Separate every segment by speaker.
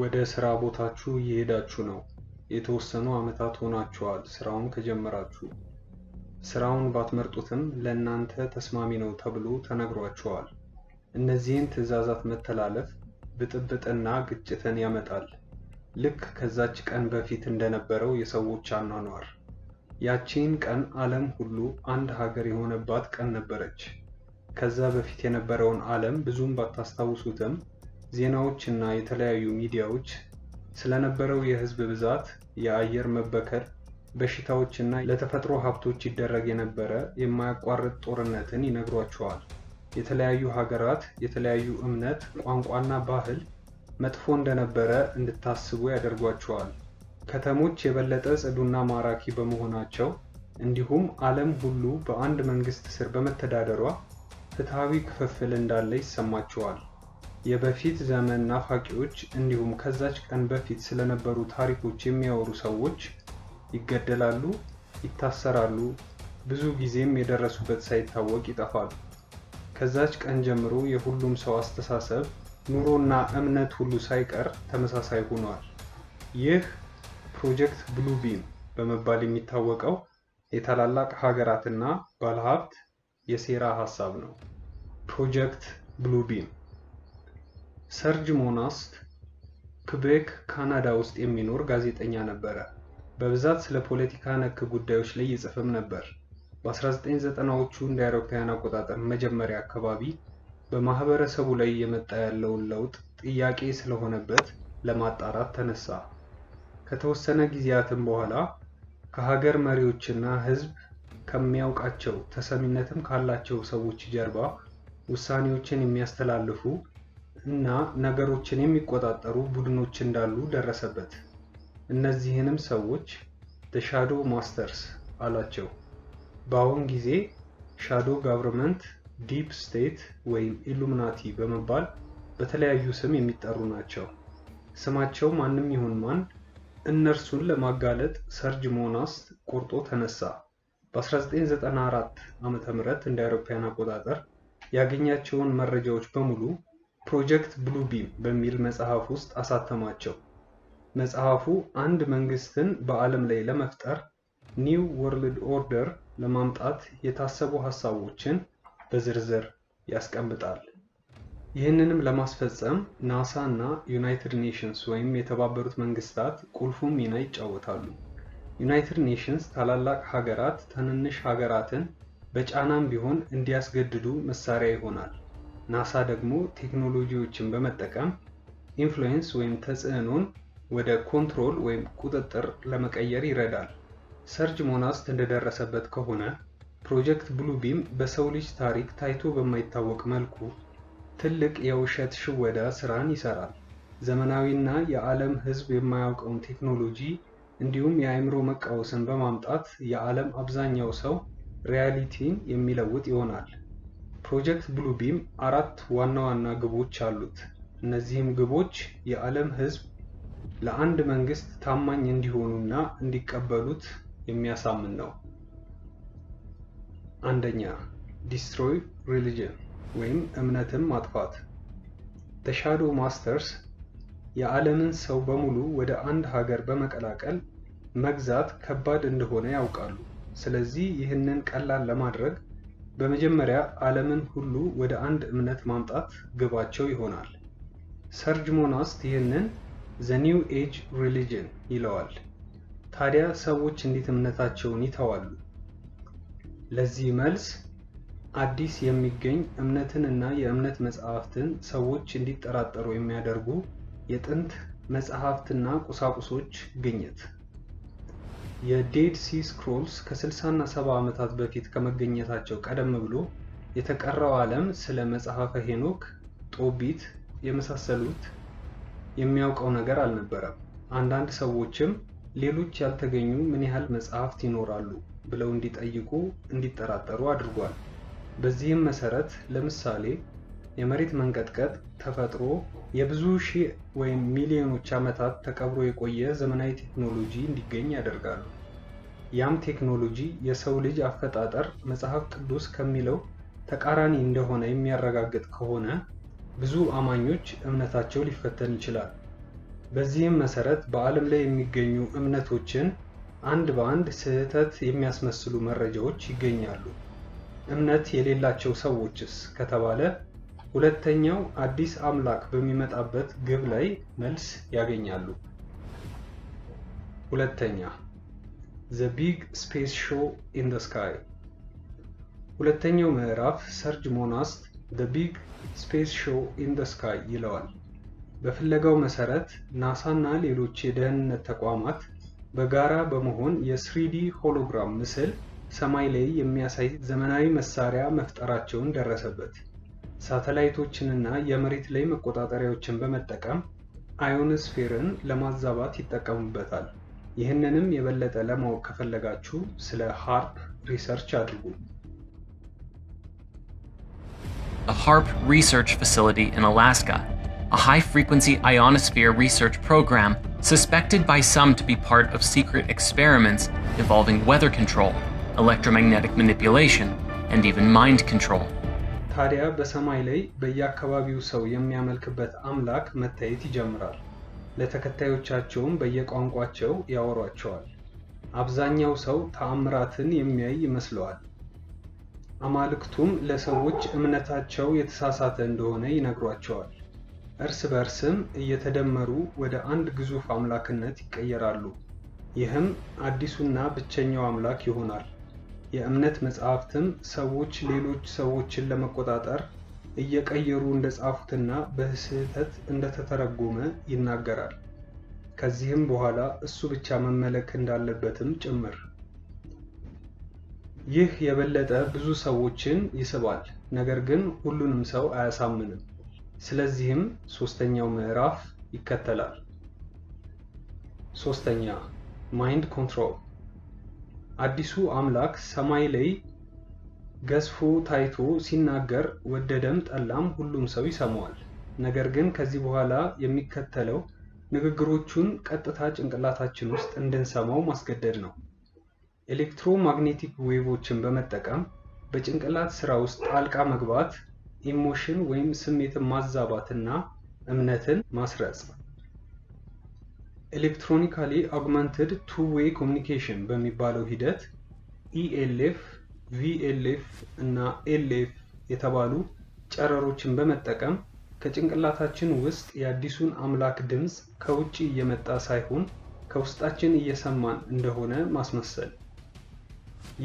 Speaker 1: ወደ ስራ ቦታችሁ እየሄዳችሁ ነው። የተወሰኑ ዓመታት ሆናችኋል ስራውን ከጀመራችሁ። ስራውን ባትመርጡትም ለእናንተ ተስማሚ ነው ተብሎ ተነግሯችኋል። እነዚህን ትዕዛዛት መተላለፍ ብጥብጥና ግጭትን ያመጣል። ልክ ከዛች ቀን በፊት እንደነበረው የሰዎች አኗኗር። ያቺን ቀን ዓለም ሁሉ አንድ ሀገር የሆነባት ቀን ነበረች። ከዛ በፊት የነበረውን ዓለም ብዙም ባታስታውሱትም ዜናዎች እና የተለያዩ ሚዲያዎች ስለነበረው የህዝብ ብዛት፣ የአየር መበከል፣ በሽታዎች እና ለተፈጥሮ ሀብቶች ይደረግ የነበረ የማያቋርጥ ጦርነትን ይነግሯቸዋል። የተለያዩ ሀገራት የተለያዩ እምነት፣ ቋንቋና ባህል መጥፎ እንደነበረ እንድታስቡ ያደርጓቸዋል። ከተሞች የበለጠ ጽዱና ማራኪ በመሆናቸው እንዲሁም ዓለም ሁሉ በአንድ መንግስት ስር በመተዳደሯ ፍትሐዊ ክፍፍል እንዳለ ይሰማቸዋል። የበፊት ዘመን ናፋቂዎች እንዲሁም ከዛች ቀን በፊት ስለነበሩ ታሪኮች የሚያወሩ ሰዎች ይገደላሉ፣ ይታሰራሉ፣ ብዙ ጊዜም የደረሱበት ሳይታወቅ ይጠፋሉ። ከዛች ቀን ጀምሮ የሁሉም ሰው አስተሳሰብ፣ ኑሮና እምነት ሁሉ ሳይቀር ተመሳሳይ ሆኗል። ይህ ፕሮጀክት ብሉቢም በመባል የሚታወቀው የታላላቅ ሀገራትና ባለሀብት የሴራ ሀሳብ ነው። ፕሮጀክት ብሉቢም ሰርጅ ሞናስት ክቤክ ካናዳ ውስጥ የሚኖር ጋዜጠኛ ነበረ። በብዛት ስለ ፖለቲካ ነክ ጉዳዮች ላይ ይጽፍም ነበር። በ1990ዎቹ እንደ አውሮፓውያን አቆጣጠር መጀመሪያ አካባቢ በማህበረሰቡ ላይ የመጣ ያለውን ለውጥ ጥያቄ ስለሆነበት ለማጣራት ተነሳ። ከተወሰነ ጊዜያትም በኋላ ከሀገር መሪዎችና ህዝብ ከሚያውቃቸው ተሰሚነትም ካላቸው ሰዎች ጀርባ ውሳኔዎችን የሚያስተላልፉ እና ነገሮችን የሚቆጣጠሩ ቡድኖች እንዳሉ ደረሰበት። እነዚህንም ሰዎች ዘ ሻዶ ማስተርስ አላቸው። በአሁን ጊዜ ሻዶ ጋቨርንመንት፣ ዲፕ ስቴት ወይም ኢሉሚናቲ በመባል በተለያዩ ስም የሚጠሩ ናቸው። ስማቸው ማንም ይሁን ማን እነርሱን ለማጋለጥ ሰርጅ ሞናስ ቆርጦ ተነሳ። በ1994 ዓ.ም እንደ አውሮፓውያን አቆጣጠር ያገኛቸውን መረጃዎች በሙሉ ፕሮጀክት ብሉቢም በሚል መጽሐፍ ውስጥ አሳተማቸው። መጽሐፉ አንድ መንግስትን በዓለም ላይ ለመፍጠር ኒው ወርልድ ኦርደር ለማምጣት የታሰቡ ሀሳቦችን በዝርዝር ያስቀምጣል። ይህንንም ለማስፈጸም ናሳ እና ዩናይትድ ኔሽንስ ወይም የተባበሩት መንግስታት ቁልፉ ሚና ይጫወታሉ። ዩናይትድ ኔሽንስ ታላላቅ ሀገራት ትንንሽ ሀገራትን በጫናም ቢሆን እንዲያስገድዱ መሳሪያ ይሆናል። ናሳ ደግሞ ቴክኖሎጂዎችን በመጠቀም ኢንፍሉዌንስ ወይም ተጽዕኖን ወደ ኮንትሮል ወይም ቁጥጥር ለመቀየር ይረዳል። ሰርጅ ሞናስት እንደደረሰበት ከሆነ ፕሮጀክት ብሉቢም በሰው ልጅ ታሪክ ታይቶ በማይታወቅ መልኩ ትልቅ የውሸት ሽወዳ ስራን ይሰራል። ዘመናዊና የዓለም ሕዝብ የማያውቀውን ቴክኖሎጂ እንዲሁም የአእምሮ መቃወስን በማምጣት የዓለም አብዛኛው ሰው ሪያሊቲን የሚለውጥ ይሆናል። ፕሮጀክት ብሉቢም አራት ዋና ዋና ግቦች አሉት። እነዚህም ግቦች የዓለም ሕዝብ ለአንድ መንግስት ታማኝ እንዲሆኑና እንዲቀበሉት የሚያሳምን ነው። አንደኛ ዲስትሮይ ሪሊጅን ወይም እምነትን ማጥፋት። ተሻዶ ማስተርስ የዓለምን ሰው በሙሉ ወደ አንድ ሀገር በመቀላቀል መግዛት ከባድ እንደሆነ ያውቃሉ። ስለዚህ ይህንን ቀላል ለማድረግ በመጀመሪያ ዓለምን ሁሉ ወደ አንድ እምነት ማምጣት ግባቸው ይሆናል። ሰርጅ ሞናስት ይህንን ዘ ኒው ኤጅ ሪሊጅን ይለዋል። ታዲያ ሰዎች እንዴት እምነታቸውን ይተዋሉ? ለዚህ መልስ አዲስ የሚገኝ እምነትን እና የእምነት መጽሐፍትን ሰዎች እንዲጠራጠሩ የሚያደርጉ የጥንት መጽሐፍትና ቁሳቁሶች ግኝት የዴድ ሲ ስክሮልስ ከ60 እና 70 ዓመታት በፊት ከመገኘታቸው ቀደም ብሎ የተቀረው ዓለም ስለ መጽሐፈ ሄኖክ፣ ጦቢት የመሳሰሉት የሚያውቀው ነገር አልነበረም። አንዳንድ ሰዎችም ሌሎች ያልተገኙ ምን ያህል መጽሐፍት ይኖራሉ ብለው እንዲጠይቁ እንዲጠራጠሩ አድርጓል። በዚህም መሰረት ለምሳሌ የመሬት መንቀጥቀጥ ተፈጥሮ የብዙ ሺህ ወይም ሚሊዮኖች ዓመታት ተቀብሮ የቆየ ዘመናዊ ቴክኖሎጂ እንዲገኝ ያደርጋሉ። ያም ቴክኖሎጂ የሰው ልጅ አፈጣጠር መጽሐፍ ቅዱስ ከሚለው ተቃራኒ እንደሆነ የሚያረጋግጥ ከሆነ ብዙ አማኞች እምነታቸው ሊፈተን ይችላል። በዚህም መሰረት በዓለም ላይ የሚገኙ እምነቶችን አንድ በአንድ ስህተት የሚያስመስሉ መረጃዎች ይገኛሉ። እምነት የሌላቸው ሰዎችስ ከተባለ ሁለተኛው አዲስ አምላክ በሚመጣበት ግብ ላይ መልስ ያገኛሉ። ሁለተኛ ዘ ቢግ ስፔስ ሾው ኢን ዘ ስካይ። ሁለተኛው ምዕራፍ ሰርጅ ሞናስት ዘ ቢግ ስፔስ ሾው ኢን ዘ ስካይ ይለዋል። በፍለጋው መሰረት ናሳና ሌሎች የደህንነት ተቋማት በጋራ በመሆን የስሪዲ ሆሎግራም ምስል ሰማይ ላይ የሚያሳይ ዘመናዊ መሳሪያ መፍጠራቸውን ደረሰበት። ሳተላይቶችንና የመሬት ላይ መቆጣጠሪያዎችን በመጠቀም አዮንስፌርን ለማዛባት ይጠቀሙበታል። ይህንንም የበለጠ ለማወቅ ከፈለጋችሁ ስለ ሃርፕ ሪሰርች አድርጉ።
Speaker 2: A HARP research facility in Alaska, a high-frequency ionosphere research program suspected by some to be part of secret experiments involving weather control, electromagnetic manipulation, and even mind control.
Speaker 1: ታዲያ በሰማይ ላይ በየአካባቢው ሰው የሚያመልክበት አምላክ መታየት ይጀምራል። ለተከታዮቻቸውም በየቋንቋቸው ያወሯቸዋል። አብዛኛው ሰው ተአምራትን የሚያይ ይመስለዋል። አማልክቱም ለሰዎች እምነታቸው የተሳሳተ እንደሆነ ይነግሯቸዋል። እርስ በእርስም እየተደመሩ ወደ አንድ ግዙፍ አምላክነት ይቀየራሉ። ይህም አዲሱና ብቸኛው አምላክ ይሆናል። የእምነት መጽሐፍትም ሰዎች ሌሎች ሰዎችን ለመቆጣጠር እየቀየሩ እንደጻፉትና በስህተት እንደተተረጎመ ይናገራል። ከዚህም በኋላ እሱ ብቻ መመለክ እንዳለበትም ጭምር። ይህ የበለጠ ብዙ ሰዎችን ይስባል፣ ነገር ግን ሁሉንም ሰው አያሳምንም። ስለዚህም ሶስተኛው ምዕራፍ ይከተላል። ሶስተኛ ማይንድ ኮንትሮል አዲሱ አምላክ ሰማይ ላይ ገዝፎ ታይቶ ሲናገር ወደደም ጠላም ሁሉም ሰው ይሰማዋል። ነገር ግን ከዚህ በኋላ የሚከተለው ንግግሮቹን ቀጥታ ጭንቅላታችን ውስጥ እንድንሰማው ማስገደድ ነው። ኤሌክትሮማግኔቲክ ዌቮችን በመጠቀም በጭንቅላት ስራ ውስጥ ጣልቃ መግባት ኢሞሽን ወይም ስሜትን ማዛባት እና እምነትን ማስረጽ ኤሌክትሮኒካሊ አግመንትድ ቱ ዌይ ኮሚኒኬሽን በሚባለው ሂደት ኢኤልኤፍ፣ e ቪኤልኤፍ እና ኤልኤፍ የተባሉ ጨረሮችን በመጠቀም ከጭንቅላታችን ውስጥ የአዲሱን አምላክ ድምፅ ከውጭ እየመጣ ሳይሆን ከውስጣችን እየሰማን እንደሆነ ማስመሰል።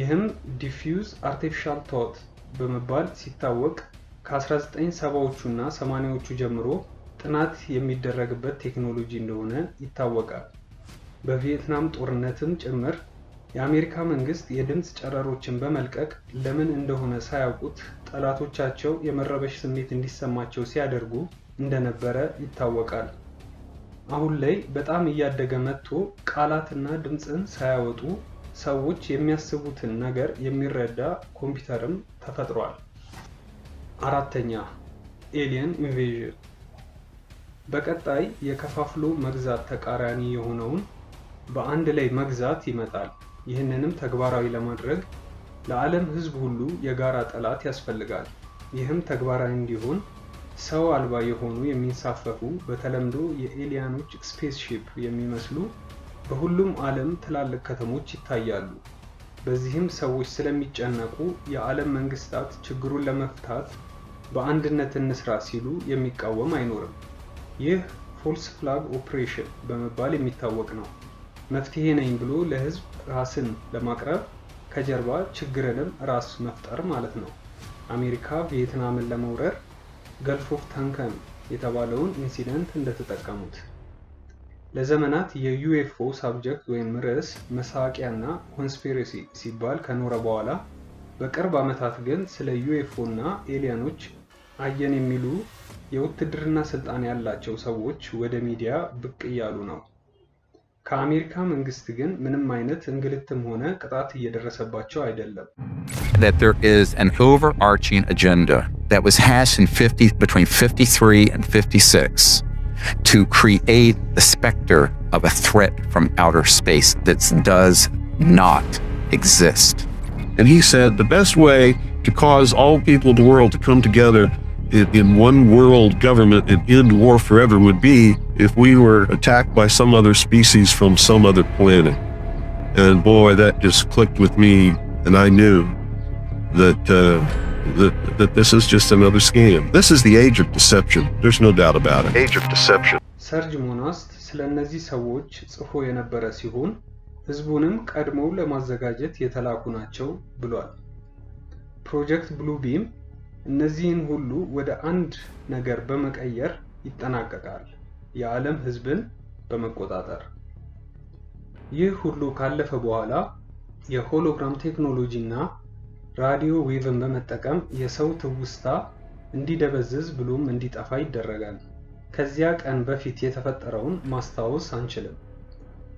Speaker 1: ይህም ዲፊውዝ አርቲፊሻል ቶት በመባል ሲታወቅ ከ1970ዎቹ እና 80ዎቹ ጀምሮ ጥናት የሚደረግበት ቴክኖሎጂ እንደሆነ ይታወቃል። በቪየትናም ጦርነትም ጭምር የአሜሪካ መንግስት የድምፅ ጨረሮችን በመልቀቅ ለምን እንደሆነ ሳያውቁት ጠላቶቻቸው የመረበሽ ስሜት እንዲሰማቸው ሲያደርጉ እንደነበረ ይታወቃል። አሁን ላይ በጣም እያደገ መጥቶ ቃላትና ድምፅን ሳያወጡ ሰዎች የሚያስቡትን ነገር የሚረዳ ኮምፒውተርም ተፈጥሯል። አራተኛ ኤሊየን ኢንቬዥን በቀጣይ የከፋፍሎ መግዛት ተቃራኒ የሆነውን በአንድ ላይ መግዛት ይመጣል። ይህንንም ተግባራዊ ለማድረግ ለዓለም ሕዝብ ሁሉ የጋራ ጠላት ያስፈልጋል። ይህም ተግባራዊ እንዲሆን ሰው አልባ የሆኑ የሚንሳፈፉ በተለምዶ የኤሊያኖች ስፔስሺፕ የሚመስሉ በሁሉም ዓለም ትላልቅ ከተሞች ይታያሉ። በዚህም ሰዎች ስለሚጨነቁ የዓለም መንግስታት ችግሩን ለመፍታት በአንድነት እንስራ ሲሉ የሚቃወም አይኖርም። ይህ ፎልስ ፍላግ ኦፕሬሽን በመባል የሚታወቅ ነው። መፍትሄ ነኝ ብሎ ለህዝብ ራስን ለማቅረብ ከጀርባ ችግርንም ራስ መፍጠር ማለት ነው። አሜሪካ ቪየትናምን ለመውረር ገልፍ ኦፍ ተንከን የተባለውን ኢንሲደንት እንደተጠቀሙት ለዘመናት የዩኤፍኦ ሳብጀክት ወይም ርዕስ መሳቂያና ኮንስፒሬሲ ሲባል ከኖረ በኋላ በቅርብ ዓመታት ግን ስለ ዩኤፍኦ እና ኤሊያኖች አየን የሚሉ የውትድርና ስልጣን ያላቸው ሰዎች ወደ ሚዲያ ብቅ እያሉ ነው። ከአሜሪካ መንግስት ግን ምንም አይነት እንግልትም ሆነ ቅጣት እየደረሰባቸው አይደለም።
Speaker 3: That there is an overarching agenda that was hashed in 50, between 53 and 56 to create the specter of a threat from outer space that does not exist.
Speaker 4: And he said the best way to cause all people of the world to come together in one world government and end war forever would be if we were attacked by some other species from some other planet. And boy, that just clicked with me, and I knew that uh, that, that this is just another scam. This is the age of deception. There's no doubt about it. Age of
Speaker 1: deception. ሰርጅ ሞናስት ስለ እነዚህ ሰዎች ጽፎ የነበረ ሲሆን ህዝቡንም ለማዘጋጀት የተላኩ ናቸው ብሏል። ፕሮጀክት ብሉ ቢም እነዚህን ሁሉ ወደ አንድ ነገር በመቀየር ይጠናቀቃል፣ የዓለም ህዝብን በመቆጣጠር። ይህ ሁሉ ካለፈ በኋላ የሆሎግራም ቴክኖሎጂ እና ራዲዮ ዌቭን በመጠቀም የሰው ትውስታ እንዲደበዝዝ ብሎም እንዲጠፋ ይደረጋል። ከዚያ ቀን በፊት የተፈጠረውን ማስታወስ አንችልም።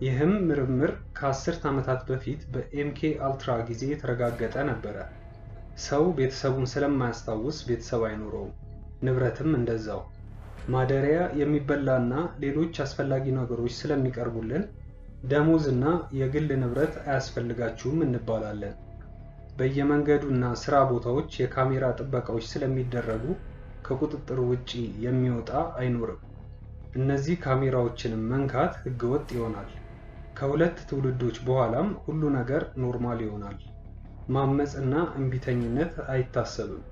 Speaker 1: ይህም ምርምር ከአስርት ዓመታት በፊት በኤምኬ አልትራ ጊዜ የተረጋገጠ ነበረ። ሰው ቤተሰቡን ስለማያስታውስ ቤተሰብ አይኖረውም፣ ንብረትም እንደዛው። ማደሪያ፣ የሚበላና ሌሎች አስፈላጊ ነገሮች ስለሚቀርቡልን ደሞዝና የግል ንብረት አያስፈልጋችሁም እንባላለን። በየመንገዱና ስራ ቦታዎች የካሜራ ጥበቃዎች ስለሚደረጉ ከቁጥጥር ውጪ የሚወጣ አይኖርም። እነዚህ ካሜራዎችንም መንካት ህገወጥ ይሆናል። ከሁለት ትውልዶች በኋላም ሁሉ ነገር ኖርማል ይሆናል። ማመፅና እምቢተኝነት አይታሰብም።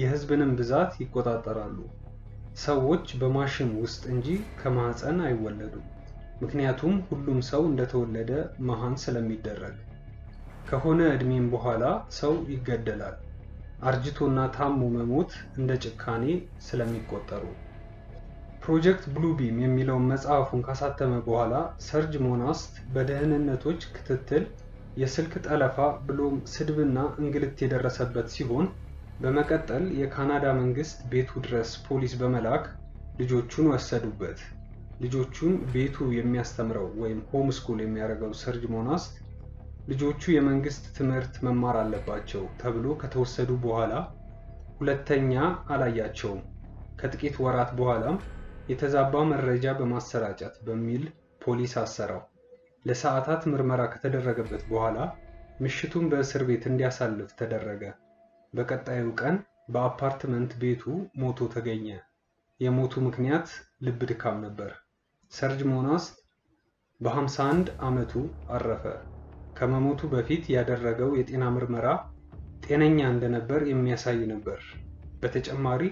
Speaker 1: የህዝብንም ብዛት ይቆጣጠራሉ። ሰዎች በማሽን ውስጥ እንጂ ከማህፀን አይወለዱም። ምክንያቱም ሁሉም ሰው እንደተወለደ መሃን ስለሚደረግ ከሆነ ዕድሜም በኋላ ሰው ይገደላል። አርጅቶና ታሞ መሞት እንደ ጭካኔ ስለሚቆጠሩ ፕሮጀክት ብሉቢም የሚለውን መጽሐፉን ካሳተመ በኋላ ሰርጅ ሞናስት በደህንነቶች ክትትል የስልክ ጠለፋ ብሎም ስድብና እንግልት የደረሰበት ሲሆን በመቀጠል የካናዳ መንግስት ቤቱ ድረስ ፖሊስ በመላክ ልጆቹን ወሰዱበት። ልጆቹን ቤቱ የሚያስተምረው ወይም ሆም ስኩል የሚያደርገው ሰርጅ ሞናስ ልጆቹ የመንግስት ትምህርት መማር አለባቸው ተብሎ ከተወሰዱ በኋላ ሁለተኛ አላያቸውም። ከጥቂት ወራት በኋላም የተዛባ መረጃ በማሰራጨት በሚል ፖሊስ አሰራው። ለሰዓታት ምርመራ ከተደረገበት በኋላ ምሽቱን በእስር ቤት እንዲያሳልፍ ተደረገ። በቀጣዩ ቀን በአፓርትመንት ቤቱ ሞቶ ተገኘ። የሞቱ ምክንያት ልብ ድካም ነበር። ሰርጅ ሞናስ በ51 ዓመቱ አረፈ። ከመሞቱ በፊት ያደረገው የጤና ምርመራ ጤነኛ እንደነበር የሚያሳይ ነበር። በተጨማሪ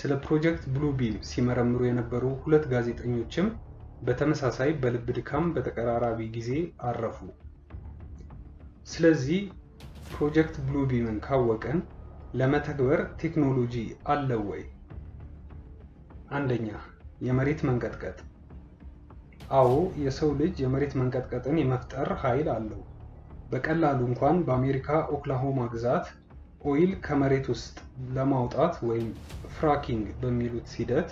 Speaker 1: ስለ ፕሮጀክት ብሉ ቢም ሲመረምሩ የነበሩ ሁለት ጋዜጠኞችም በተመሳሳይ በልብ ድካም በተቀራራቢ ጊዜ አረፉ። ስለዚህ ፕሮጀክት ብሉቢምን ካወቀን ለመተግበር ቴክኖሎጂ አለው ወይ? አንደኛ የመሬት መንቀጥቀጥ። አዎ የሰው ልጅ የመሬት መንቀጥቀጥን የመፍጠር ኃይል አለው። በቀላሉ እንኳን በአሜሪካ ኦክላሆማ ግዛት ኦይል ከመሬት ውስጥ ለማውጣት ወይም ፍራኪንግ በሚሉት ሂደት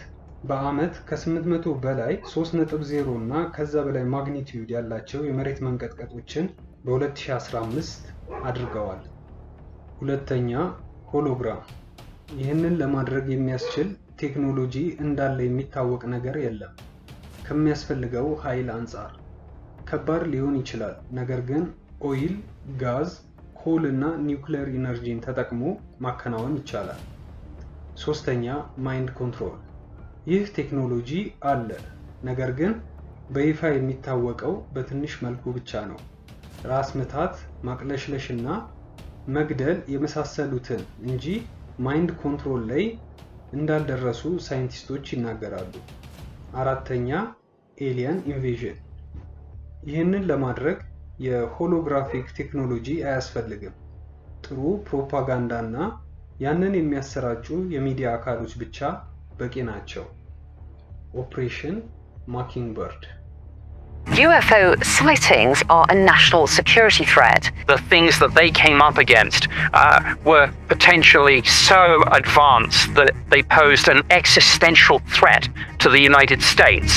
Speaker 1: በዓመት ከ800 በላይ 3.0 እና ከዛ በላይ ማግኒቲዩድ ያላቸው የመሬት መንቀጥቀጦችን በ2015 አድርገዋል። ሁለተኛ ሆሎግራም። ይህንን ለማድረግ የሚያስችል ቴክኖሎጂ እንዳለ የሚታወቅ ነገር የለም። ከሚያስፈልገው ኃይል አንጻር ከባድ ሊሆን ይችላል። ነገር ግን ኦይል፣ ጋዝ፣ ኮል እና ኒውክሌር ኢነርጂን ተጠቅሞ ማከናወን ይቻላል። ሶስተኛ ማይንድ ኮንትሮል ይህ ቴክኖሎጂ አለ፣ ነገር ግን በይፋ የሚታወቀው በትንሽ መልኩ ብቻ ነው። ራስ ምታት፣ ማቅለሽለሽ እና መግደል የመሳሰሉትን እንጂ ማይንድ ኮንትሮል ላይ እንዳልደረሱ ሳይንቲስቶች ይናገራሉ። አራተኛ ኤሊየን ኢንቬዥን። ይህንን ለማድረግ የሆሎግራፊክ ቴክኖሎጂ አያስፈልግም። ጥሩ ፕሮፓጋንዳ እና ያንን የሚያሰራጩ የሚዲያ አካሎች ብቻ በቂ ናቸው። ኦፕሬሽን ማኪንግበርድ
Speaker 5: UFO sightings are a national security threat. The things that they came up against uh, were potentially so advanced that they posed an existential threat to the United States.